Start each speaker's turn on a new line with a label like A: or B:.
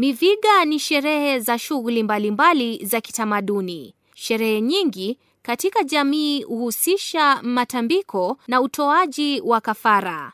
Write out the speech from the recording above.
A: Miviga ni sherehe za shughuli mbalimbali za kitamaduni. Sherehe nyingi katika jamii huhusisha matambiko na utoaji wa
B: kafara.